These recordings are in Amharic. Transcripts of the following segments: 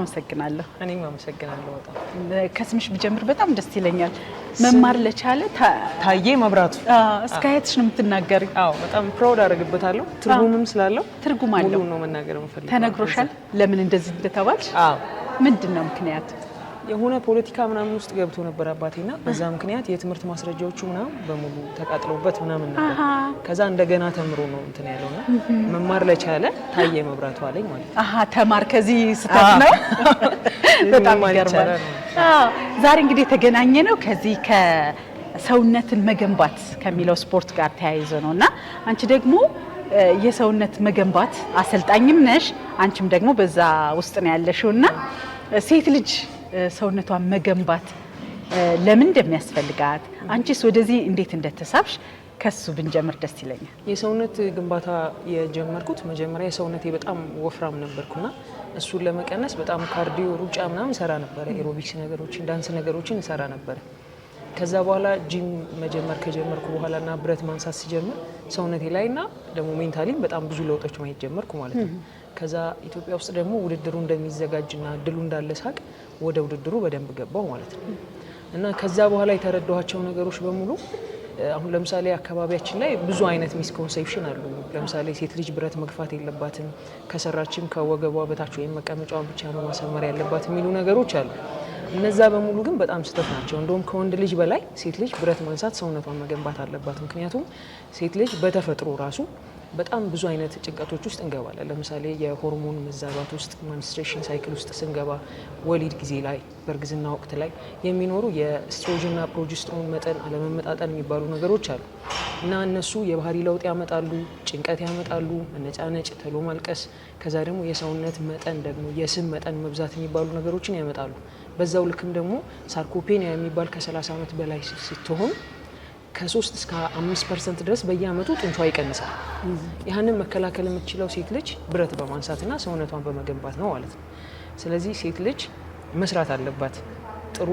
አመሰግናለሁ። እኔም አመሰግናለሁ። በጣም ከስምሽ ብጀምር በጣም ደስ ይለኛል። መማር ለቻለ ታዬ መብራቱ እስካየትሽ ነው የምትናገር። በጣም ፕራውድ አደርግበታለሁ። ትርጉምም ስላለው ትርጉም አለው ነው መናገር ፈልግ። ተነግሮሻል ለምን እንደዚህ እንደተባልሽ? ምንድን ነው ምክንያት? የሆነ ፖለቲካ ምናምን ውስጥ ገብቶ ነበር ና በዛ ምክንያት የትምህርት ማስረጃዎቹ ምናምን በሙሉ ተቃጥለውበት ምናምን ነበር። ከዛ እንደገና ተምሮ ነው እንትን ና መማር ለቻለ ታየ መብራቱ አለኝ ማለት ነው። ተማር ከዚህ ስታት ነው። በጣም ይገርማል። ዛሬ እንግዲህ የተገናኘ ነው ከዚህ ከሰውነትን መገንባት ከሚለው ስፖርት ጋር ተያይዞ ነው እና አንቺ ደግሞ የሰውነት መገንባት አሰልጣኝም ነሽ። አንቺም ደግሞ በዛ ውስጥ ነው ያለሽው እና ሴት ልጅ ሰውነቷን መገንባት ለምን እንደሚያስፈልጋት አንቺስ ወደዚህ እንዴት እንደተሳብሽ ከሱ ብንጀምር ደስ ይለኛል። የሰውነት ግንባታ የጀመርኩት መጀመሪያ የሰውነቴ በጣም ወፍራም ነበርኩና እሱን ለመቀነስ በጣም ካርዲዮ፣ ሩጫ ምናምን ሰራ ነበረ። ኤሮቢክስ ነገሮችን፣ ዳንስ ነገሮችን እሰራ ነበረ። ከዛ በኋላ ጂም መጀመር ከጀመርኩ በኋላ ና ብረት ማንሳት ሲጀምር ሰውነቴ ላይ ና ደግሞ ሜንታሊም በጣም ብዙ ለውጦች ማየት ጀመርኩ ማለት ነው። ከዛ ኢትዮጵያ ውስጥ ደግሞ ውድድሩ እንደሚዘጋጅ ና ድሉ እንዳለ ሳቅ ወደ ውድድሩ በደንብ ገባው ማለት ነው። እና ከዛ በኋላ የተረዳኋቸው ነገሮች በሙሉ አሁን ለምሳሌ አካባቢያችን ላይ ብዙ አይነት ሚስኮንሴፕሽን አሉ። ለምሳሌ ሴት ልጅ ብረት መግፋት የለባትም፣ ከሰራችም ከወገቧ በታች ወይም መቀመጫዋን ብቻ ነው ማሰመር ያለባት የሚሉ ነገሮች አሉ። እነዛ በሙሉ ግን በጣም ስህተት ናቸው። እንደውም ከወንድ ልጅ በላይ ሴት ልጅ ብረት ማንሳት፣ ሰውነቷን መገንባት አለባት። ምክንያቱም ሴት ልጅ በተፈጥሮ ራሱ በጣም ብዙ አይነት ጭንቀቶች ውስጥ እንገባለን። ለምሳሌ የሆርሞን መዛባት ውስጥ ማንስትሬሽን ሳይክል ውስጥ ስንገባ፣ ወሊድ ጊዜ ላይ፣ በእርግዝና ወቅት ላይ የሚኖሩ የኤስትሮጅንና ፕሮጀስትሮን መጠን አለመመጣጠን የሚባሉ ነገሮች አሉ እና እነሱ የባህሪ ለውጥ ያመጣሉ፣ ጭንቀት ያመጣሉ፣ መነጫነጭ፣ ተሎ ማልቀስ፣ ከዛ ደግሞ የሰውነት መጠን ደግሞ የስም መጠን መብዛት የሚባሉ ነገሮችን ያመጣሉ። በዛው ልክም ደግሞ ሳርኮፔኒያ የሚባል ከ30 ዓመት በላይ ስትሆን ከሶስት እስከ 5 ፐርሰንት ድረስ በየአመቱ ጡንቿ ይቀንሳል። ያንን መከላከል የምትችለው ሴት ልጅ ብረት በማንሳትና ሰውነቷን በመገንባት ነው ማለት ነው። ስለዚህ ሴት ልጅ መስራት አለባት። ጥሩ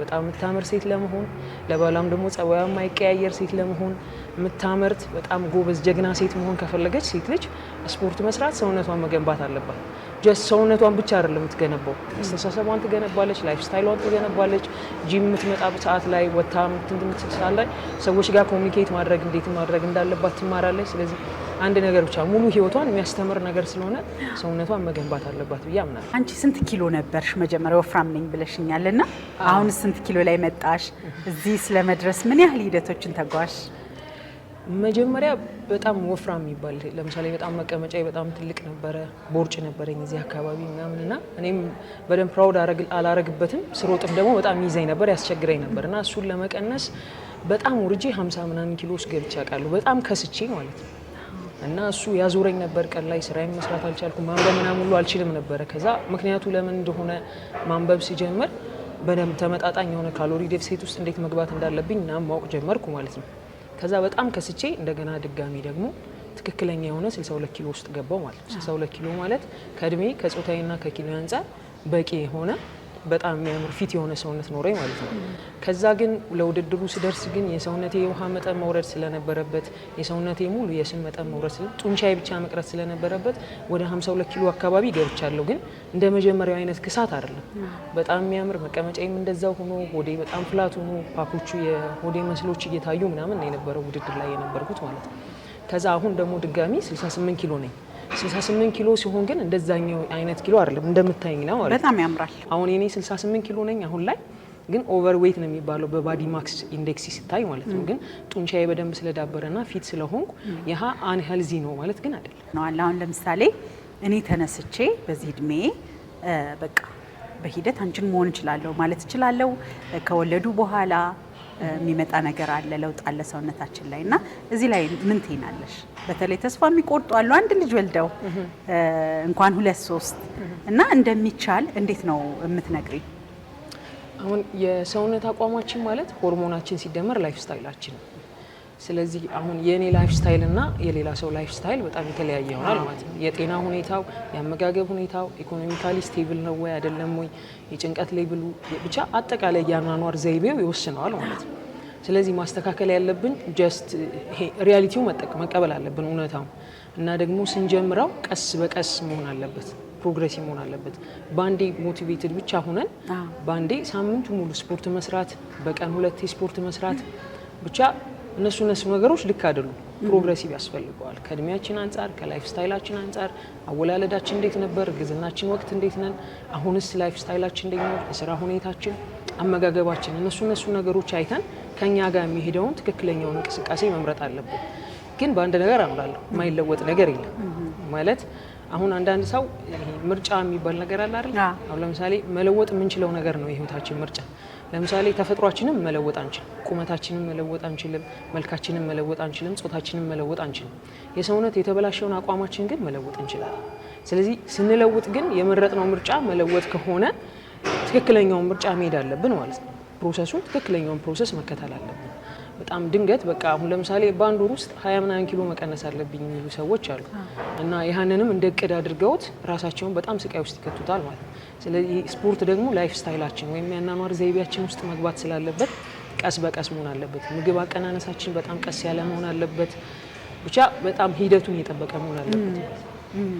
በጣም የምታምር ሴት ለመሆን ለባሏም ደግሞ ጸባዩ የማይቀያየር ሴት ለመሆን የምታመርት በጣም ጎበዝ ጀግና ሴት መሆን ከፈለገች ሴት ልጅ ስፖርት መስራት፣ ሰውነቷን መገንባት አለባት። ጀስት ሰውነቷን ብቻ አይደለም የምትገነባው፣ አስተሳሰቧን ትገነባለች፣ ላይፍ ስታይሏን ትገነባለች። ጂም የምትመጣበት ሰዓት ላይ ወታ ምትንትምትል ሰዓት ላይ ሰዎች ጋር ኮሚኒኬት ማድረግ እንዴት ማድረግ እንዳለባት ትማራለች። ስለዚህ አንድ ነገር ብቻ ሙሉ ህይወቷን የሚያስተምር ነገር ስለሆነ ሰውነቷን መገንባት አለባት ብዬ አምናለሁ። አንቺ ስንት ኪሎ ነበርሽ መጀመሪያ? ወፍራም ነኝ ብለሽኛል እና አሁን ስንት ኪሎ ላይ መጣሽ? እዚህ ስለመድረስ ምን ያህል ሂደቶችን ተጓሽ? መጀመሪያ በጣም ወፍራም የሚባል ለምሳሌ በጣም መቀመጫ በጣም ትልቅ ነበረ። ቦርጭ ነበረኝ እዚህ አካባቢ ምናምን እና እኔም በደንብ ፕራውድ አላረግበትም። ስሮጥም ደግሞ በጣም ይዘኝ ነበር ያስቸግረኝ ነበር እና እሱን ለመቀነስ በጣም ውርጄ ሀምሳ ምናምን ኪሎ ውስጥ ገብቼ አውቃለሁ። በጣም ከስቼ ማለት ነው እና እሱ ያዞረኝ ነበር። ቀን ላይ ስራዬን መስራት አልቻልኩም። ማንበብ ምናምን ሁሉ አልችልም ነበረ። ከዛ ምክንያቱ ለምን እንደሆነ ማንበብ ሲጀምር በደንብ ተመጣጣኝ የሆነ ካሎሪ ዴፊሲት ውስጥ እንዴት መግባት እንዳለብኝ ምናምን ማወቅ ጀመርኩ ማለት ነው። ከዛ በጣም ከስቼ እንደገና ድጋሚ ደግሞ ትክክለኛ የሆነ 62 ኪሎ ውስጥ ገባው ማለት ነው። 62 ኪሎ ማለት ከእድሜ ከጾታዊና ከኪሎ አንጻር በቂ የሆነ በጣም የሚያምር ፊት የሆነ ሰውነት ኖረኝ ማለት ነው። ከዛ ግን ለውድድሩ ስደርስ ግን የሰውነቴ የውሃ መጠን መውረድ ስለነበረበት የሰውነቴ ሙሉ የስም መጠን መውረድ ጡንቻይ ብቻ መቅረት ስለነበረበት ወደ 52 ኪሎ አካባቢ ገብቻለሁ። ግን እንደ መጀመሪያው አይነት ክሳት አይደለም። በጣም የሚያምር መቀመጫዬም እንደዛው ሆኖ ሆዴ በጣም ፍላት ሆኖ ፓኮቹ የሆዴ መስሎች እየታዩ ምናምን የነበረው ውድድር ላይ የነበርኩት ማለት ነው። ከዛ አሁን ደግሞ ድጋሚ 68 ኪሎ ነኝ። 68 ኪሎ ሲሆን ግን እንደዛኛው አይነት ኪሎ አይደለም፣ እንደምታይኝ ነው። በጣም ያምራል። አሁን እኔ 68 ኪሎ ነኝ አሁን ላይ ግን ኦቨር ነው የሚባለው በባዲ ማክስ ኢንዴክስ ሲታይ ማለት ነው። ግን ጡንቻዬ በደንብ ስለዳበረና ፊት ስለሆንኩ ይህ አንሄልዚ ነው ማለት ግን አይደለም። አሁን ለምሳሌ እኔ ተነስቼ በዚህ እድሜ በቃ በሂደት አንቺን መሆን እችላለሁ ማለት እችላለሁ ከወለዱ በኋላ የሚመጣ ነገር አለ፣ ለውጥ አለ ሰውነታችን ላይ እና እዚህ ላይ ምን ትይናለሽ? በተለይ ተስፋ የሚቆርጡ አሉ አንድ ልጅ ወልደው እንኳን ሁለት ሶስት እና እንደሚቻል እንዴት ነው የምትነግሪ? አሁን የሰውነት አቋማችን ማለት ሆርሞናችን ሲደመር ላይፍ ስታይላችን ነው ስለዚህ አሁን የእኔ ላይፍ ስታይል እና የሌላ ሰው ላይፍ ስታይል በጣም የተለያየ ይሆናል ማለት ነው። የጤና ሁኔታው፣ የአመጋገብ ሁኔታው ኢኮኖሚካሊ ስቴብል ነው ወይ አይደለም ወይ፣ የጭንቀት ሌብሉ፣ ብቻ አጠቃላይ የአኗኗር ዘይቤው ይወስነዋል ማለት ነው። ስለዚህ ማስተካከል ያለብን ጀስት ይሄ ሪያሊቲው መቀበል አለብን እውነታው፣ እና ደግሞ ስንጀምረው ቀስ በቀስ መሆን አለበት ፕሮግሬስ መሆን አለበት። በአንዴ ሞቲቬትድ ብቻ ሆነን በአንዴ ሳምንቱ ሙሉ ስፖርት መስራት፣ በቀን ሁለቴ ስፖርት መስራት ብቻ እነሱ እነሱ ነገሮች ልክ አይደሉም። ፕሮግረሲቭ ያስፈልገዋል። ከእድሜያችን አንጻር፣ ከላይፍ ስታይላችን አንጻር አወላለዳችን እንዴት ነበር? ግዝናችን ወቅት እንዴት ነን? አሁንስ ላይፍ ስታይላችን እንዴት ነው? የስራ ሁኔታችን፣ አመጋገባችን፣ እነሱ እነሱ ነገሮች አይተን ከኛ ጋር የሚሄደውን ትክክለኛውን እንቅስቃሴ መምረጥ አለብን። ግን በአንድ ነገር አምራለሁ፣ የማይለወጥ ነገር የለም ማለት አሁን አንዳንድ ሰው ምርጫ የሚባል ነገር አለ አይደል? አሁን ለምሳሌ መለወጥ የምንችለው ነገር ነው የህይወታችን ምርጫ ለምሳሌ ተፈጥሯችንም መለወጥ አንችልም። ቁመታችንም መለወጥ አንችልም። መልካችንም መለወጥ አንችልም። ጾታችንም መለወጥ አንችልም። የሰውነት የተበላሸውን አቋማችን ግን መለወጥ እንችላለን። ስለዚህ ስንለውጥ ግን የመረጥነው ምርጫ መለወጥ ከሆነ ትክክለኛውን ምርጫ መሄድ አለብን ማለት ነው። ፕሮሰሱን ትክክለኛውን ፕሮሰስ መከተል አለብን። በጣም ድንገት በቃ አሁን ለምሳሌ በአንድ ወር ውስጥ ሀያ ምናምን ኪሎ መቀነስ አለብኝ የሚሉ ሰዎች አሉ እና ይህንንም እንደ እቅድ አድርገውት ራሳቸውን በጣም ስቃይ ውስጥ ይከቱታል ማለት ነው። ስለዚህ ስፖርት ደግሞ ላይፍ ስታይላችን ወይም የአኗኗር ዘይቤያችን ውስጥ መግባት ስላለበት ቀስ በቀስ መሆን አለበት። ምግብ አቀናነሳችን በጣም ቀስ ያለ መሆን አለበት። ብቻ በጣም ሂደቱን የጠበቀ መሆን አለበት።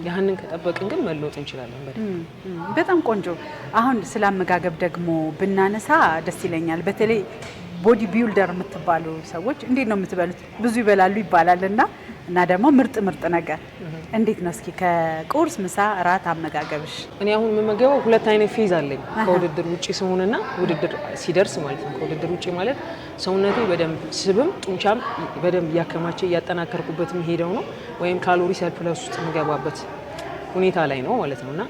ያህንን ከጠበቅን ግን መለወጥ እንችላለን። በጣም ቆንጆ። አሁን ስለ አመጋገብ ደግሞ ብናነሳ ደስ ይለኛል በተለይ ቦዲ ቢልደር የምትባሉ ሰዎች እንዴት ነው የምትበሉት? ብዙ ይበላሉ ይባላል እና እና ደግሞ ምርጥ ምርጥ ነገር እንዴት ነው እስኪ ከቁርስ ምሳ፣ እራት አመጋገብሽ? እኔ አሁን የምመገበው ሁለት አይነት ፌዝ አለኝ ከውድድር ውጭ ስሆንና ውድድር ሲደርስ ማለት ነው። ከውድድር ውጭ ማለት ሰውነቴ በደንብ ስብም ጡንቻም በደንብ እያከማቸ እያጠናከርኩበት የሚሄደው ነው ወይም ካሎሪ ሰርፕለስ ውስጥ የምገባበት ሁኔታ ላይ ነው ማለት ነው እና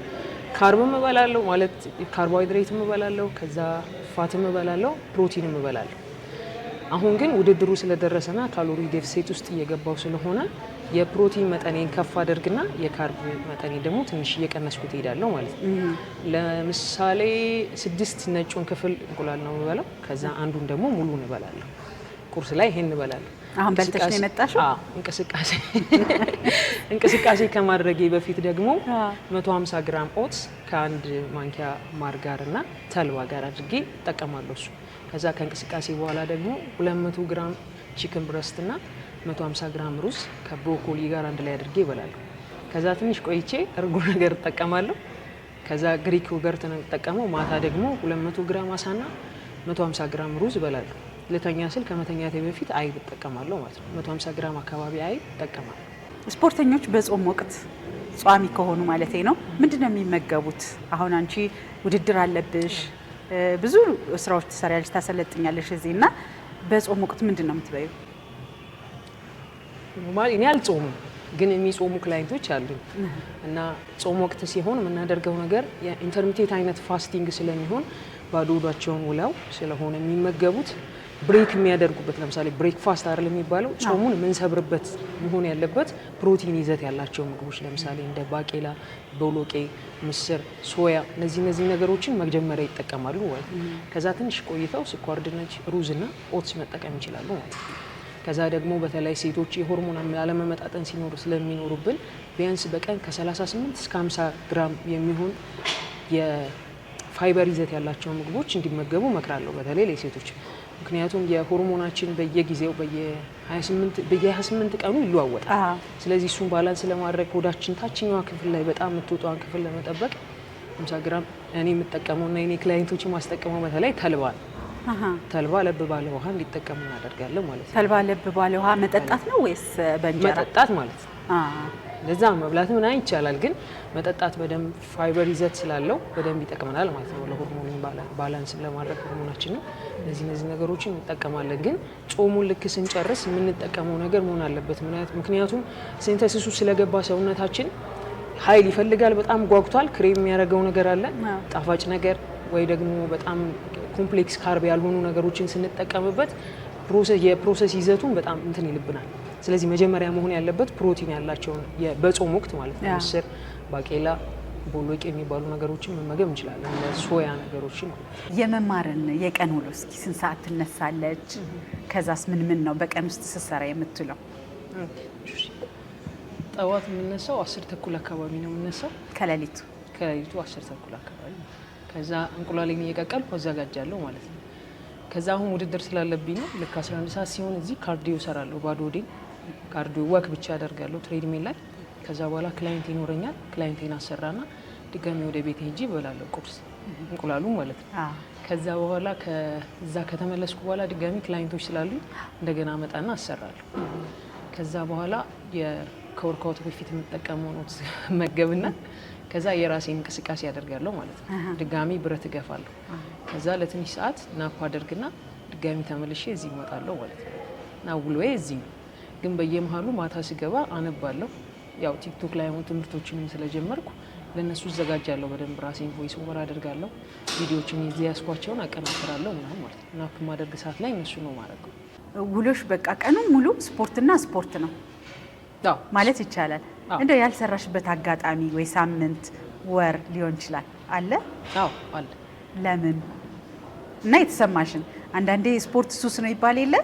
ካርብ እበላለሁ ማለት ካርቦሃይድሬት እበላለሁ ከዛ ፋትም እበላለሁ፣ ፕሮቲንም እበላለሁ። አሁን ግን ውድድሩ ስለደረሰና ካሎሪ ዴፍሴት ውስጥ እየገባው ስለሆነ የፕሮቲን መጠኔን ከፍ አደርግና የካርብ መጠኔን ደግሞ ትንሽ እየቀነስኩ ትሄዳለሁ ማለት ነው። ለምሳሌ ስድስት ነጩን ክፍል እንቁላል ነው የምበላው። ከዛ አንዱን ደግሞ ሙሉ እንበላለሁ። ቁርስ ላይ ይሄን እንበላለሁ። አሁን በልተሽ ነው የመጣሽው? እንቅስቃሴ እንቅስቃሴ ከማድረጌ በፊት ደግሞ 150 ግራም ኦትስ ከአንድ ማንኪያ ማር ጋር እና ተልባ ጋር አድርጌ እጠቀማለሁ። እሱ ከዛ ከእንቅስቃሴ በኋላ ደግሞ 200 ግራም ቺክን ብረስት እና 150 ግራም ሩዝ ከብሮኮሊ ጋር አንድ ላይ አድርጌ ይበላሉ ከዛ ትንሽ ቆይቼ እርጎ ነገር እጠቀማለሁ። ከዛ ግሪክ ዮገርት ነው የምጠቀመው። ማታ ደግሞ 200 ግራም አሳና 150 ግራም ሩዝ ይበላሉ። ልተኛ ስል ከመተኛቴ በፊት አይብ እጠቀማለሁ ማለት ነው። 150 ግራም አካባቢ አይብ እጠቀማለሁ። ስፖርተኞች በጾም ወቅት ጿሚ ከሆኑ ማለት ነው ምንድን ነው የሚመገቡት? አሁን አንቺ ውድድር አለብሽ፣ ብዙ ስራዎች ትሰሪያለሽ፣ ታሰለጥኛለሽ እዚህ እና በጾም ወቅት ምንድን ነው የምትበዩ? እኔ አልጾምም ግን የሚጾሙ ክላይንቶች አሉኝ እና ጾም ወቅት ሲሆን የምናደርገው ነገር የኢንተርሚቴት አይነት ፋስቲንግ ስለሚሆን ባዶ ሆዳቸውን ውለው ስለሆነ የሚመገቡት ብሬክ የሚያደርጉበት ለምሳሌ ብሬክፋስት አይደል የሚባለው ጾሙን የምንሰብርበት መሆን ያለበት ፕሮቲን ይዘት ያላቸው ምግቦች ለምሳሌ እንደ ባቄላ፣ ቦሎቄ፣ ምስር፣ ሶያ እነዚህ እነዚህ ነገሮችን መጀመሪያ ይጠቀማሉ ማለት ነው። ከዛ ትንሽ ቆይተው ስኳር ድንች፣ ሩዝ እና ኦትስ መጠቀም ይችላሉ ማለት ነው። ከዛ ደግሞ በተለይ ሴቶች የሆርሞን አለመመጣጠን ሲኖር ስለሚኖሩብን ቢያንስ በቀን ከ38 እስከ 50 ግራም የሚሆን የፋይበር ይዘት ያላቸው ምግቦች እንዲመገቡ መክራለሁ በተለይ ለሴቶች ምክንያቱም የሆርሞናችን በየጊዜው በየ28 ቀኑ ይለዋወጣል። ስለዚህ እሱን ባላንስ ለማድረግ ሆዳችን ታችኛዋ ክፍል ላይ በጣም የምትወጣዋን ክፍል ለመጠበቅ 50 ግራም እኔ ና የኔ ክላይንቶች የማስጠቀመው በተለይ ተልባ ተልባ ለብ ባለ ውሃ እንዲጠቀሙ እናደርጋለን ማለት ነው። ተልባ ለብ ባለ ውሃ መጠጣት ነው ወይስ በእንጀራ መጠጣት ማለት ነው? ለዛ መብላት ምን ይቻላል፣ ግን መጠጣት በደንብ ፋይበር ይዘት ስላለው በደንብ ይጠቅመናል ማለት ነው። ለሆርሞን ባላንስ ለማድረግ ሆርሞናችንም እነዚህ እነዚህ ነገሮችን እንጠቀማለን። ግን ጾሙን ልክ ስንጨርስ የምንጠቀመው ነገር መሆን አለበት። ምክንያቱም ሲንተሲሱ ስለገባ ሰውነታችን ኃይል ይፈልጋል። በጣም ጓጉቷል። ክሬም የሚያደርገው ነገር አለ ጣፋጭ ነገር ወይ ደግሞ በጣም ኮምፕሌክስ ካርብ ያልሆኑ ነገሮችን ስንጠቀምበት የፕሮሰስ ይዘቱን በጣም እንትን ይልብናል። ስለዚህ መጀመሪያ መሆን ያለበት ፕሮቲን ያላቸውን በጾም ወቅት ማለት ነው ምስር፣ ባቄላ፣ ቦሎቄ የሚባሉ ነገሮችን መመገብ እንችላለን። ለሶያ ነገሮችን የመማርን የቀን ውሎ እስኪ ስንት ሰዓት ትነሳለች? ከዛስ ምን ምን ነው በቀን ውስጥ ስሰራ የምትለው? ጠዋት የምነሳው አስር ተኩል አካባቢ ነው የምነሳው። ከሌሊቱ ከሌሊቱ አስር ተኩል አካባቢ ከዛ እንቁላሌን እየቀቀልኩ አዘጋጃለሁ ማለት ነው። ከዛ አሁን ውድድር ስላለብኝ ነው ልክ 11 ሰዓት ሲሆን እዚህ ካርዲዮ ሰራለሁ ባዶ ወዴን ካርዲዮ ወክ ብቻ ያደርጋለሁ ትሬድሚል ላይ። ከዛ በኋላ ክላይንት ይኖረኛል። ክላይንቴን አሰራና ድጋሚ ወደ ቤት ሄጂ እበላለሁ ቁርስ እንቁላሉ ማለት ነው። ከዛ በኋላ ከዛ ከተመለስኩ በኋላ ድጋሚ ክላይንቶች ስላሉ እንደገና መጣና አሰራለሁ። ከዛ በኋላ ከወርካውት በፊት የምጠቀመው ነው መገብና ከዛ የራሴ እንቅስቃሴ ያደርጋለሁ ማለት ነው። ድጋሚ ብረት እገፋለሁ። ከዛ ለትንሽ ሰዓት ናፕ አደርግና ድጋሚ ተመልሼ እዚህ እመጣለሁ ማለት ነው እና ውሎዬ እዚህ ነው። ግን በየመሀሉ ማታ ሲገባ አነባለሁ። ያው ቲክቶክ ላይ ሆኑ ትምህርቶችንም ስለጀመርኩ ለእነሱ እዘጋጃለሁ። በደንብ ራሴን ቮይስ ኦቨር አደርጋለሁ። ቪዲዮችን ይዜ ያስኳቸውን አቀናብራለሁ ምናምን ማለት ነው። ናፕ ማደርግ ሰዓት ላይ እነሱ ነው ማድረግ ውሎሽ በቃ ቀኑ ሙሉ ስፖርትና ስፖርት ነው ማለት ይቻላል። እንደ ያልሰራሽበት አጋጣሚ ወይ ሳምንት፣ ወር ሊሆን ይችላል አለ? አዎ አለ። ለምን እና የተሰማሽን አንዳንዴ ስፖርት ሱስ ነው ይባል የለ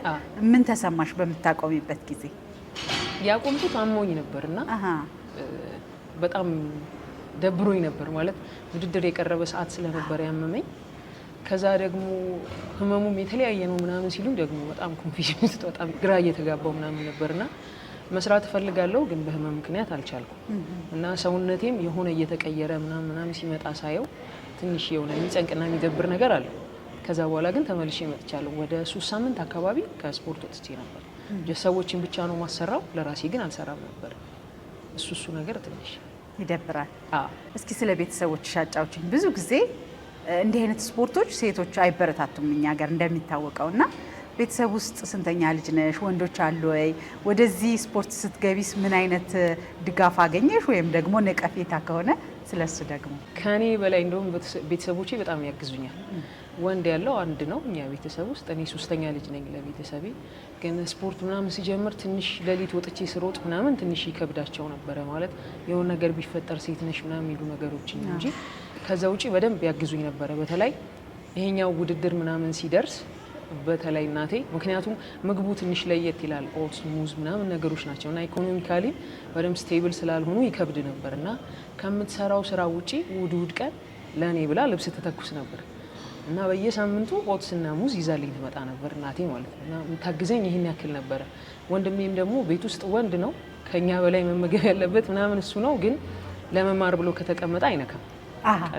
ምን ተሰማሽ በምታቆሚበት ጊዜ? ያቆምኩት አሞኝ ነበርና በጣም ደብሮኝ ነበር ማለት ውድድር የቀረበ ሰዓት ስለነበር ያመመኝ። ከዛ ደግሞ ህመሙም የተለያየ ነው ምናምን ሲሉ ደግሞ በጣም ኮንፊዥን ውስጥ በጣም ግራ እየተጋባው ምናምን ነበርና መስራት እፈልጋለሁ ግን በህመም ምክንያት አልቻልኩም እና ሰውነቴም የሆነ እየተቀየረ ምናምን ምናምን ሲመጣ ሳየው ትንሽ የሆነ የሚጨንቅና የሚደብር ነገር አለው። ከዛ በኋላ ግን ተመልሼ መጥቻለሁ። ወደ ሶስት ሳምንት አካባቢ ከስፖርት ወጥቼ ነበር። ሰዎችን ብቻ ነው ማሰራው፣ ለራሴ ግን አልሰራም ነበር። እሱ እሱ ነገር ትንሽ ይደብራል። እስኪ ስለ ቤተሰቦች ሻጫዎችን ብዙ ጊዜ እንዲህ አይነት ስፖርቶች ሴቶች አይበረታቱም እኛ ሀገር እንደሚታወቀው እና ቤተሰብ ውስጥ ስንተኛ ልጅ ነሽ? ወንዶች አሉ ወይ? ወደዚህ ስፖርት ስትገቢስ ምን አይነት ድጋፍ አገኘሽ ወይም ደግሞ ነቀፌታ ከሆነ ስለሱ ደግሞ። ከኔ በላይ እንደውም ቤተሰቦቼ በጣም ያግዙኛል። ወንድ ያለው አንድ ነው እኛ ቤተሰብ ውስጥ። እኔ ሶስተኛ ልጅ ነኝ ለቤተሰቤ። ግን ስፖርት ምናምን ሲጀምር ትንሽ ሌሊት ወጥቼ ስሮጥ ምናምን ትንሽ ይከብዳቸው ነበረ። ማለት የሆነ ነገር ቢፈጠር ሴት ነሽ ምናምን የሚሉ ነገሮች እንጂ ከዛ ውጪ በደንብ ያግዙኝ ነበረ። በተለይ ይሄኛው ውድድር ምናምን ሲደርስ በተለይ እናቴ ምክንያቱም ምግቡ ትንሽ ለየት ይላል። ኦትስ፣ ሙዝ ምናምን ነገሮች ናቸው እና ኢኮኖሚካሊ በደንብ ስቴብል ስላልሆኑ ይከብድ ነበር እና ከምትሰራው ስራ ውጪ ውድ ውድ ቀን ለእኔ ብላ ልብስ ትተኩስ ነበር እና በየሳምንቱ ኦትስና ሙዝ ይዛልኝ ትመጣ ነበር እናቴ ማለት ነው። እና የምታግዘኝ ይህን ያክል ነበረ። ወንድሜም ደግሞ ቤት ውስጥ ወንድ ነው ከኛ በላይ መመገብ ያለበት ምናምን እሱ ነው፣ ግን ለመማር ብሎ ከተቀመጠ አይነካም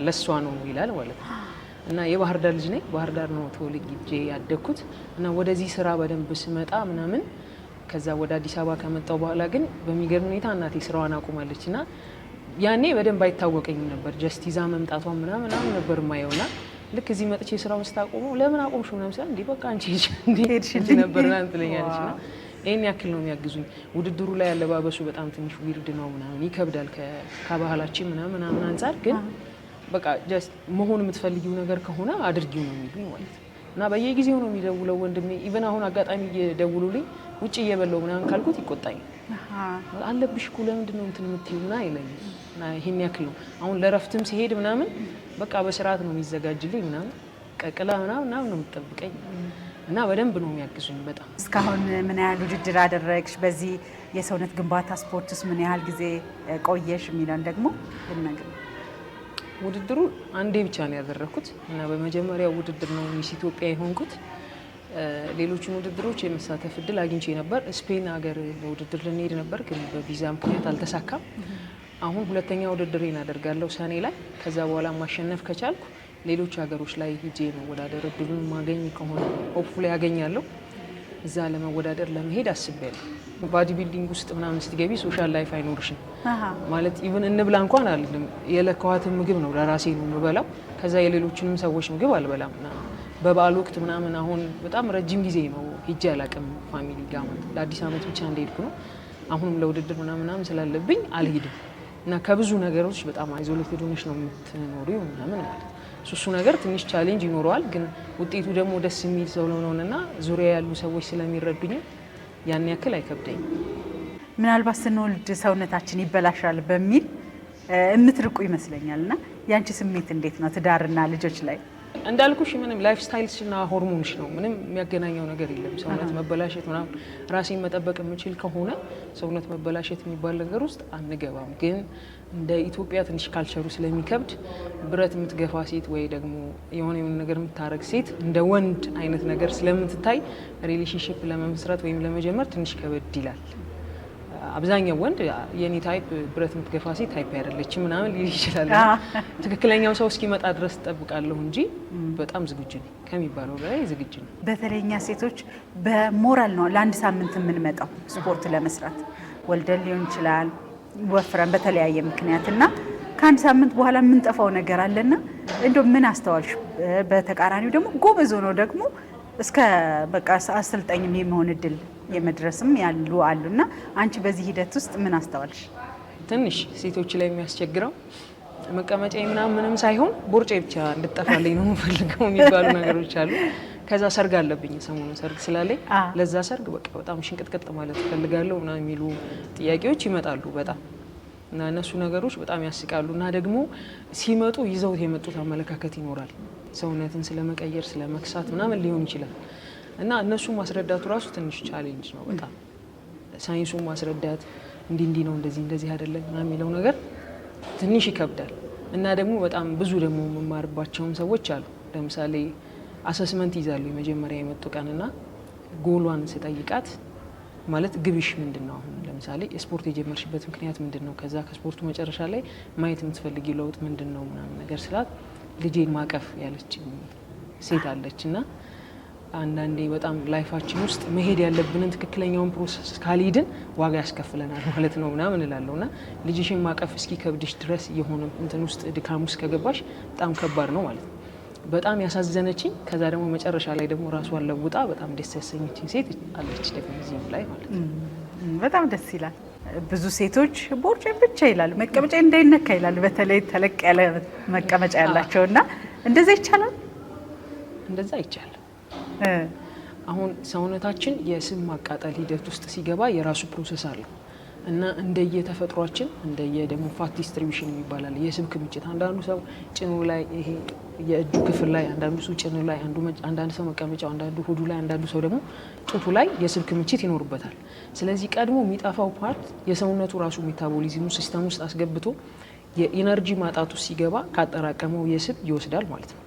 ለእሷ ነው ይላል ማለት ነው እና የባህር ዳር ልጅ ነኝ። ባህር ዳር ነው ተወልጄ ያደግኩት እና ወደዚህ ስራ በደንብ ስመጣ ምናምን ከዛ ወደ አዲስ አበባ ከመጣው በኋላ ግን በሚገርም ሁኔታ እናቴ ስራዋን አቁማለች እና ያኔ በደንብ አይታወቀኝም ነበር። ጀስት ይዛ መምጣቷ ምናምን ምናምን ነበር የማየው ማየውና ልክ እዚህ መጥቼ ስራውን ስታቆመው ለምን አቆምሽ ምናምን ስላ እንዲህ በቃ አንቺ ሄድሽ ነበር ና ትለኛለች ና ይህን ያክል ነው የሚያግዙኝ። ውድድሩ ላይ ያለባበሱ በጣም ትንሽ ዊርድ ነው ምናምን ይከብዳል ከባህላችን ምናምን ምናምን አንጻር ግን በቃ ጀስት መሆን የምትፈልጊው ነገር ከሆነ አድርጊው ነው የሚሉኝ ማለት ነው። እና በየጊዜው ነው የሚደውለው ወንድሜ። ኢቨን አሁን አጋጣሚ እየደውሉልኝ ውጭ እየበላው ምናምን ካልኩት ይቆጣኝ። አለብሽ እኮ ለምንድን ነው እንትን የምትይው ምና አይለኝም። ይሄን ያክል ነው። አሁን ለረፍትም ሲሄድ ምናምን በቃ በስርዓት ነው የሚዘጋጅልኝ ምናምን ቀቅላ ምናምን ምናምን ነው የምትጠብቀኝ እና በደንብ ነው የሚያግዙኝ በጣም። እስካሁን ምን ያህል ውድድር አደረግሽ? በዚህ የሰውነት ግንባታ ስፖርትስ ምን ያህል ጊዜ ቆየሽ? የሚለን ደግሞ ልነግር ውድድሩ አንዴ ብቻ ነው ያደረግኩት እና በመጀመሪያ ውድድር ነው ሚስ ኢትዮጵያ የሆንኩት። ሌሎችን ውድድሮች የመሳተፍ እድል አግኝቼ ነበር። ስፔን ሀገር ውድድር ልንሄድ ነበር፣ ግን በቪዛ ምክንያት አልተሳካም። አሁን ሁለተኛ ውድድር እናደርጋለሁ ሰኔ ላይ። ከዛ በኋላ ማሸነፍ ከቻልኩ ሌሎች ሀገሮች ላይ ሂጄ መወዳደር እድሉን ማገኝ ከሆነ ሆፕ ያገኛለሁ። እዛ ለመወዳደር ለመሄድ አስቤያለሁ። ባዲ ቢልዲንግ ውስጥ ምናምን ስትገቢ ሶሻል ላይፍ አይኖርሽም። ማለት ኢቨን እንብላ እንኳን አልልም። የለካዋትን ምግብ ነው ለራሴ ነው የምበላው። ከዛ የሌሎችንም ሰዎች ምግብ አልበላም። በበዓል ወቅት ምናምን አሁን በጣም ረጅም ጊዜ ነው ሂጄ አላቅም ፋሚሊ ጋር ለአዲስ ዓመት ብቻ እንደሄድኩ ነው። አሁንም ለውድድር ምናምናም ስላለብኝ አልሄድም እና ከብዙ ነገሮች በጣም አይዞሌትድ ሆነሽ ነው የምትኖሪው ምናምን ማለት እሱ ነገር ትንሽ ቻሌንጅ ይኖረዋል። ግን ውጤቱ ደግሞ ደስ የሚል ሰው ለሆነውንና ዙሪያ ያሉ ሰዎች ስለሚረዱኝም ያን ያክል አይከብደኝም። ምናልባት ስንወልድ ሰውነታችን ይበላሻል በሚል የምትርቁ ይመስለኛል እና ያንቺ ስሜት እንዴት ነው ትዳርና ልጆች ላይ? እንዳልኩሽ ምንም ላይፍ ስታይልሽና ሆርሞንሽ ነው። ምንም የሚያገናኘው ነገር የለም። ሰውነት መበላሸት ምናምን ራሴን መጠበቅ የምችል ከሆነ ሰውነት መበላሸት የሚባል ነገር ውስጥ አንገባም። ግን እንደ ኢትዮጵያ ትንሽ ካልቸሩ ስለሚከብድ ብረት የምትገፋ ሴት ወይ ደግሞ የሆነ የሆነ ነገር የምታረግ ሴት እንደ ወንድ አይነት ነገር ስለምትታይ ሪሌሽንሽፕ ለመመስረት ወይም ለመጀመር ትንሽ ከበድ ይላል። አብዛኛው ወንድ የኔ ታይፕ ብረት የምትገፋ ሴት ታይፕ አይደለችም ምናምን ሊል ይችላል። ትክክለኛው ሰው እስኪመጣ ድረስ ጠብቃለሁ እንጂ በጣም ዝግጁ ነኝ፣ ከሚባለው በላይ ዝግጁ ነኝ። በተለይ እኛ ሴቶች በሞራል ነው ለአንድ ሳምንት የምንመጣው ስፖርት ለመስራት ወልደን ሊሆን ይችላል ወፍረን በተለያየ ምክንያት እና ከአንድ ሳምንት በኋላ የምንጠፋው ነገር አለና እንደ ምን አስተዋልሽ? በተቃራኒው ደግሞ ጎበዝ ሆኖ ደግሞ እስከ በቃ አሰልጣኝ የመሆን እድል የመድረስም ያሉ አሉና አንቺ በዚህ ሂደት ውስጥ ምን አስተዋልሽ? ትንሽ ሴቶች ላይ የሚያስቸግረው መቀመጫ ምናምን ምንም ሳይሆን ቦርጬ ብቻ እንድጠፋልኝ ነው የምፈልገው የሚባሉ ነገሮች አሉ። ከዛ ሰርግ አለብኝ ሰሞኑ ሰርግ ስላለኝ ለዛ ሰርግ በቃ በጣም ሽንቅጥቅጥ ማለት እፈልጋለሁ ምናምን የሚሉ ጥያቄዎች ይመጣሉ በጣም እና እነሱ ነገሮች በጣም ያስቃሉ። እና ደግሞ ሲመጡ ይዘውት የመጡት አመለካከት ይኖራል። ሰውነትን ስለመቀየር ስለመክሳት ምናምን ሊሆን ይችላል። እና እነሱን ማስረዳቱ ራሱ ትንሽ ቻሌንጅ ነው በጣም ሳይንሱን ማስረዳት እንዲ እንዲ ነው እንደዚህ እንደዚህ አይደለም ና የሚለው ነገር ትንሽ ይከብዳል። እና ደግሞ በጣም ብዙ ደግሞ የምማርባቸውም ሰዎች አሉ። ለምሳሌ አሰስመንት ይዛሉ የመጀመሪያ የመጡ ጎሏን ስጠይቃት ማለት ግብሽ ምንድን ነው? አሁን ለምሳሌ ስፖርት የጀመርሽበት ምክንያት ምንድን ነው? ከዛ ከስፖርቱ መጨረሻ ላይ ማየት የምትፈልጊ ለውጥ ምንድን ነው ምናምን ነገር ስላት ልጄን ማቀፍ ያለች ሴት አለች እና አንዳንዴ በጣም ላይፋችን ውስጥ መሄድ ያለብንን ትክክለኛውን ፕሮሰስ ካልሄድን ዋጋ ያስከፍለናል ማለት ነው ምናምን እላለሁ እና ልጅሽን ማቀፍ እስኪ ከብድሽ ድረስ የሆነ እንትን ውስጥ ድካም ውስጥ ከገባሽ በጣም ከባድ ነው ማለት ነው። በጣም ያሳዘነችኝ ከዛ ደግሞ መጨረሻ ላይ ደግሞ ራሷን ለውጣ በጣም ደስ ያሰኘችኝ ሴት አለች ደግሞ እዚህም ላይ ማለት ነው። በጣም ደስ ይላል። ብዙ ሴቶች ቦርጭ ብቻ ይላሉ፣ መቀመጫ እንዳይነካ ይላሉ። በተለይ ተለቅ ያለ መቀመጫ ያላቸው እና እንደዛ ይቻላል፣ እንደዛ ይቻላል። አሁን ሰውነታችን የስብ ማቃጠል ሂደት ውስጥ ሲገባ የራሱ ፕሮሰስ አለው እና እንደየተፈጥሯችን እንደየ ፋት ዲስትሪቢሽን ይባላል የስብ ክምችት። አንዳንዱ ሰው ጭኑ ላይ ይሄ የእጁ ክፍል ላይ፣ አንዳንዱ ሰው ጭኑ ላይ፣ አንዳንድ ሰው መቀመጫው፣ አንዳንዱ ሆዱ ላይ፣ አንዳንዱ ሰው ደግሞ ጡቱ ላይ የስብ ክምችት ይኖርበታል። ስለዚህ ቀድሞ የሚጠፋው ፓርት የሰውነቱ ራሱ ሜታቦሊዝሙ ሲስተም ውስጥ አስገብቶ የኢነርጂ ማጣቱ ሲገባ ካጠራቀመው የስብ ይወስዳል ማለት ነው።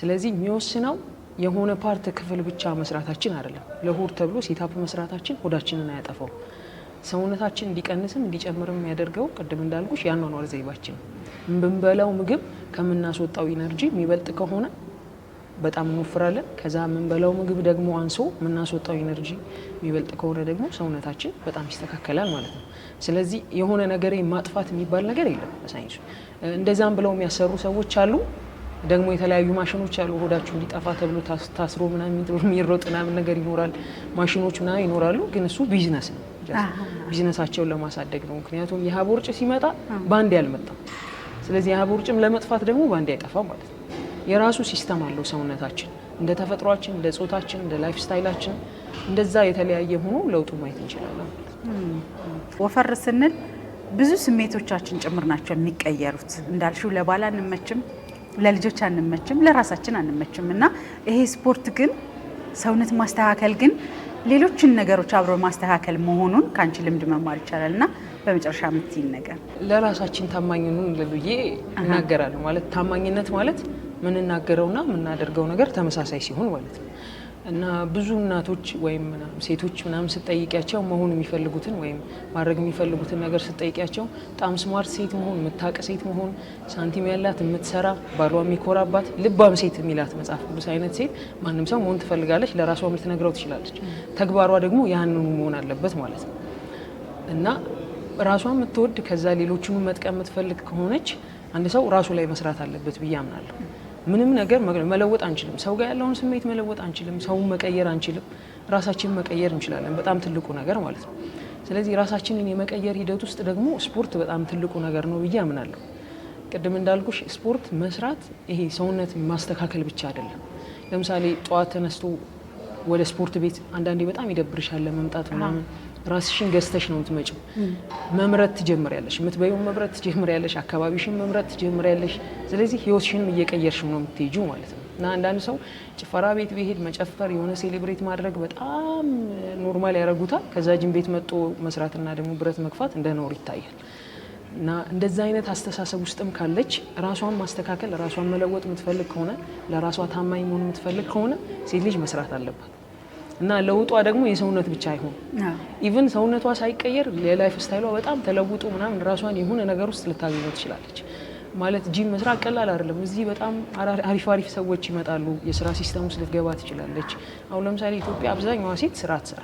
ስለዚህ የሚወስነው የሆነ ፓርት ክፍል ብቻ መስራታችን አይደለም። ለሆድ ተብሎ ሴታፕ መስራታችን ሆዳችንን አያጠፋው። ሰውነታችን እንዲቀንስም እንዲጨምርም የሚያደርገው ቅድም እንዳልኩሽ የአኗኗር ዘይባችን የምንበላው ምግብ ከምናስወጣው ኢነርጂ የሚበልጥ ከሆነ በጣም እንወፍራለን። ከዛ የምንበላው ምግብ ደግሞ አንሶ የምናስወጣው ኢነርጂ የሚበልጥ ከሆነ ደግሞ ሰውነታችን በጣም ይስተካከላል ማለት ነው። ስለዚህ የሆነ ነገር ማጥፋት የሚባል ነገር የለም በሳይንሱ። እንደዛም ብለው የሚያሰሩ ሰዎች አሉ። ደግሞ የተለያዩ ማሽኖች አሉ። ሆዳችሁ እንዲጠፋ ተብሎ ታስሮ ምናምን የሚሮጥ ምናምን ነገር ይኖራል። ማሽኖች ምናምን ይኖራሉ። ግን እሱ ቢዝነስ ነው። ቢዝነሳቸውን ለማሳደግ ነው። ምክንያቱም የሀብ ውርጭ ሲመጣ በአንድ አልመጣም። ስለዚህ የሀብ ውርጭም ለመጥፋት ደግሞ በአንድ አይጠፋም ማለት ነው። የራሱ ሲስተም አለው ሰውነታችን እንደ ተፈጥሯችን፣ እንደ ጾታችን፣ እንደ ላይፍ ስታይላችን እንደዛ የተለያየ ሆኖ ለውጡ ማየት እንችላለን። ወፈር ስንል ብዙ ስሜቶቻችን ጭምር ናቸው የሚቀየሩት። እንዳልሽው ለባል አንመችም ለልጆች አንመችም፣ ለራሳችን አንመችም እና ይሄ ስፖርት ግን ሰውነት ማስተካከል ግን ሌሎችን ነገሮች አብሮ ማስተካከል መሆኑን ከአንቺ ልምድ መማር ይቻላል እና በመጨረሻ የምትይን ነገር ለራሳችን ታማኝ ነን እናገራለሁ። ማለት ታማኝነት ማለት የምንናገረውና የምናደርገው ነገር ተመሳሳይ ሲሆን ማለት ነው። እና ብዙ እናቶች ወይም ሴቶች ምናምን ስጠይቂያቸው መሆን የሚፈልጉትን ወይም ማድረግ የሚፈልጉትን ነገር ስጠይቂያቸው በጣም ስማርት ሴት መሆን፣ የምታቅ ሴት መሆን፣ ሳንቲም ያላት፣ የምትሰራ፣ ባሏ የሚኮራባት፣ ልባም ሴት የሚላት መጽሐፍ ቅዱስ አይነት ሴት ማንም ሰው መሆን ትፈልጋለች። ለራሷም ልትነግረው ትችላለች። ተግባሯ ደግሞ ያንኑ መሆን አለበት ማለት ነው እና ራሷ የምትወድ ከዛ ሌሎቹን መጥቀም የምትፈልግ ከሆነች አንድ ሰው ራሱ ላይ መስራት አለበት ብዬ አምናለሁ። ምንም ነገር መለወጥ አንችልም። ሰው ጋር ያለውን ስሜት መለወጥ አንችልም። ሰውን መቀየር አንችልም። ራሳችን መቀየር እንችላለን። በጣም ትልቁ ነገር ማለት ነው። ስለዚህ ራሳችንን የመቀየር ሂደት ውስጥ ደግሞ ስፖርት በጣም ትልቁ ነገር ነው ብዬ አምናለሁ። ቅድም እንዳልኩሽ ስፖርት መስራት ይሄ ሰውነት ማስተካከል ብቻ አይደለም። ለምሳሌ ጠዋት ተነስቶ ወደ ስፖርት ቤት አንዳንዴ በጣም ይደብርሻል ለመምጣት ምናምን ራስሽን ገዝተሽ ነው የምትመጪው። መምረት ትጀምሪያለሽ፣ የምትበይውን መምረት ትጀምሪያለሽ፣ አካባቢሽን መምረት ትጀምሪያለሽ። ስለዚህ ህይወትሽንም እየቀየርሽ ነው የምትሄጁ ማለት ነው። እና አንዳንድ ሰው ጭፈራ ቤት ቢሄድ መጨፈር፣ የሆነ ሴሌብሬት ማድረግ በጣም ኖርማል ያደርጉታል። ከዛ ጅም ቤት መጦ መስራትና ደግሞ ብረት መግፋት እንደ ኖር ይታያል። እና እንደዛ አይነት አስተሳሰብ ውስጥም ካለች ራሷን ማስተካከል ራሷን መለወጥ የምትፈልግ ከሆነ ለራሷ ታማኝ መሆን የምትፈልግ ከሆነ ሴት ልጅ መስራት አለባት። እና ለውጧ ደግሞ የሰውነት ብቻ አይሆን ኢቭን ሰውነቷ ሳይቀየር የላይፍ ስታይሏ በጣም ተለውጦ ምናምን ራሷን የሆነ ነገር ውስጥ ልታገኘው ትችላለች። ማለት ጂም መስራት ቀላል አይደለም። እዚህ በጣም አሪፍ አሪፍ ሰዎች ይመጣሉ። የስራ ሲስተም ውስጥ ልትገባ ትችላለች። አሁን ለምሳሌ ኢትዮጵያ አብዛኛዋ ሴት ስራ ትስራ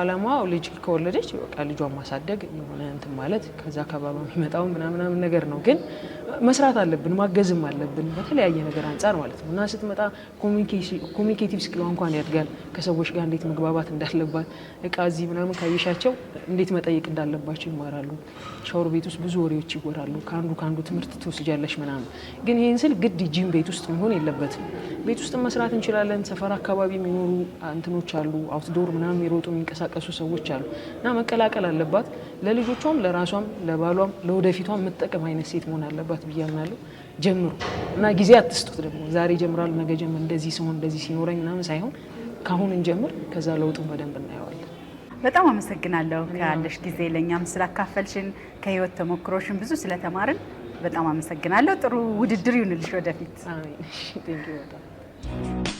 አላማው ልጅ ከወለደች በቃ ልጇን ማሳደግ የሆነ እንትን ማለት ከዛ ከባባ የሚመጣው ምናምናምን ነገር ነው። ግን መስራት አለብን፣ ማገዝም አለብን በተለያየ ነገር አንጻር ማለት ነው እና ስትመጣ ኮሚኒኬቲቭ ስኪሏ እንኳን ያድጋል። ከሰዎች ጋር እንዴት መግባባት እንዳለባት እቃ እዚህ ምናምን ካየሻቸው እንዴት መጠየቅ እንዳለባቸው ይማራሉ። ሻወር ቤት ውስጥ ብዙ ወሬዎች ይወራሉ። ከአንዱ ከአንዱ ትምህርት ትወስጃለሽ ምናምን። ግን ይህን ስል ግድ ጂም ቤት ውስጥ መሆን የለበትም። ቤት ውስጥ መስራት እንችላለን። ሰፈር አካባቢ የሚኖሩ እንትኖች አሉ፣ አውትዶር ምናምን የሮጡ የሚንቀሳ የሚንቀሳቀሱ ሰዎች አሉ እና መቀላቀል አለባት። ለልጆቿም፣ ለራሷም፣ ለባሏም ለወደፊቷ የምትጠቅም አይነት ሴት መሆን አለባት ብዬ አምናለሁ። ጀምሩ እና ጊዜ አትስጡት። ደግሞ ዛሬ ጀምራል ነገ ጀምር እንደዚህ ሲሆን እንደዚህ ሲኖረኝ ምናምን ሳይሆን ከአሁን እንጀምር፣ ከዛ ለውጡን በደንብ እናየዋለን። በጣም አመሰግናለሁ ካለሽ ጊዜ ለእኛም ስላካፈልሽን፣ ከህይወት ተሞክሮሽን ብዙ ስለተማርን በጣም አመሰግናለሁ። ጥሩ ውድድር ይሁንልሽ ወደፊት።